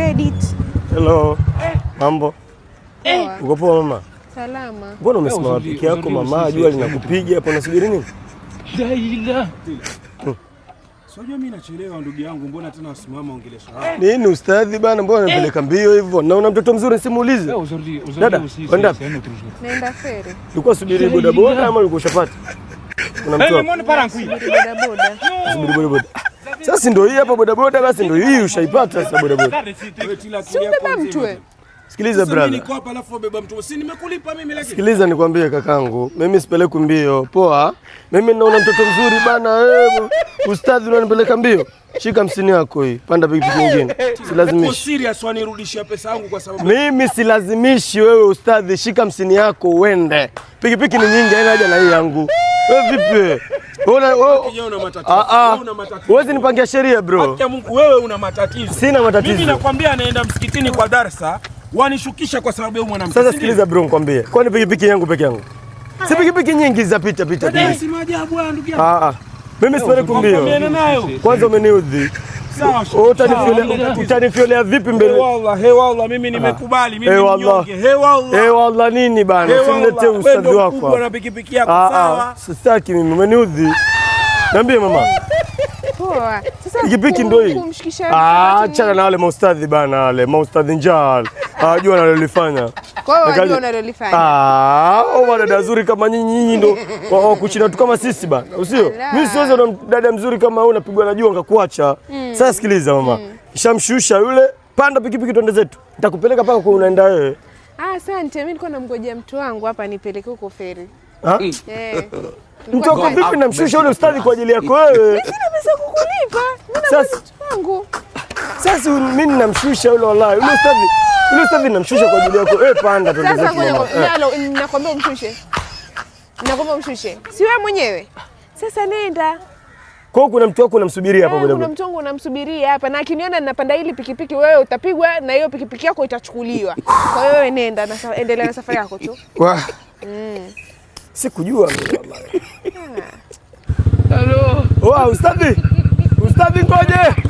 credit. Hello. Eh. Mambo. Eh. Uko poa mama? Salama. Mbona eh, umesimama peke yako mama? Jua linakupiga hapo, unasubiri nini? Daila. Hmm. Sijui mimi nachelewa ndugu yangu, mbona tena usimama ongelesha hapo? Eh. Nini ustadhi bana, mbona unapeleka mbio hivyo? Na una mtoto mzuri simuulize. Dada, wenda. Yaani Naenda feri. Ulikuwa subiri boda boda ama ulikuwa ushapata? Kuna mtu. mbona parangui? Subiri boda boda. Sasa ndio hii hapa bodaboda, basi ndio hii ushaipata sasa bodaboda. Sikiliza brother. Sikiliza nikwambie kakangu, mimi sipeleku mbio. Poa. Mimi naona mtoto mzuri bana wewe. Ustadhi unanipeleka mbio. Shika hamsini yako hii, panda pikipiki nyingine. Silazimishi. Mimi silazimishi wewe ustadhi, shika hamsini yako uende. Pikipiki ni nyingi, haina haja na hii yangu. Wewe vipi? Ah, ah. Huwezi nipangia sheria bro. Wewe una matatizo. Sina matatizo. Mimi nakwambia anaenda msikitini kwa darsa, wanishukisha kwa sababu ya mwanamke. Sasa sikiliza bro, nikwambie. Kwani pikipiki yangu peke yangu? Si pikipiki nyingi za pita pita. Ah, Mimi siwezi kumbia. Kwanza umeniudhi utanifiolea vipi mbele? wallah, wallah, Hey Mimi ah. nimekubali mimi ninyonge. Hey wallah Hey wallah nini bana, simlete ustadhi wako pikipiki yako, ah, ah, sawa. Sitaki mimi, umeniudhi. Niambie mama, Poa. Sasa pikipiki ndio hii. Achana na wale maustadhi bana, wale maustadhi njaa hawajua wanalolifanya. Kwa hiyo hawajua wanalolifanya. Ah, oh, au dada nzuri kama nyinyi nyinyi ndo wao kuchina tu kama sisi bana. Usio? Mimi siwezi na dada mzuri kama wewe unapigwa na jua ngakuacha. Mm. Sasa sikiliza mama. Mm. Shamshusha yule, panda pikipiki twende zetu. Nitakupeleka paka kwa unaenda wewe. Ah, asante. Mimi nilikuwa namngojea mtu wangu hapa nipeleke huko feri. Ah? Eh. eh. Mtu wako vipi namshusha yule ustadhi kwa ajili yako wewe? Mimi sina kukulipa. Mimi na mtu wangu. Sasa mimi namshusha yule wallahi. Yule ustadhi ile sasa ninamshusha kwa ajili yako. Eh, panda tu. Sasa eh. nalo ninakwambia umshushe. Ninakwambia umshushe. Si wewe mwenyewe. Sasa nenda. Kwa kuna mtu wako unamsubiria hapa bwana. Eh, kuna mtu wangu unamsubiria hapa na akiniona ninapanda hili pikipiki wewe utapigwa na hiyo pikipiki yako itachukuliwa. Kwa hiyo wewe nenda na endelea na safari yako tu. Wah. Mm. Sikujua mimi wallahi. Hello. Wow, ustadi. Ustadi ngoje.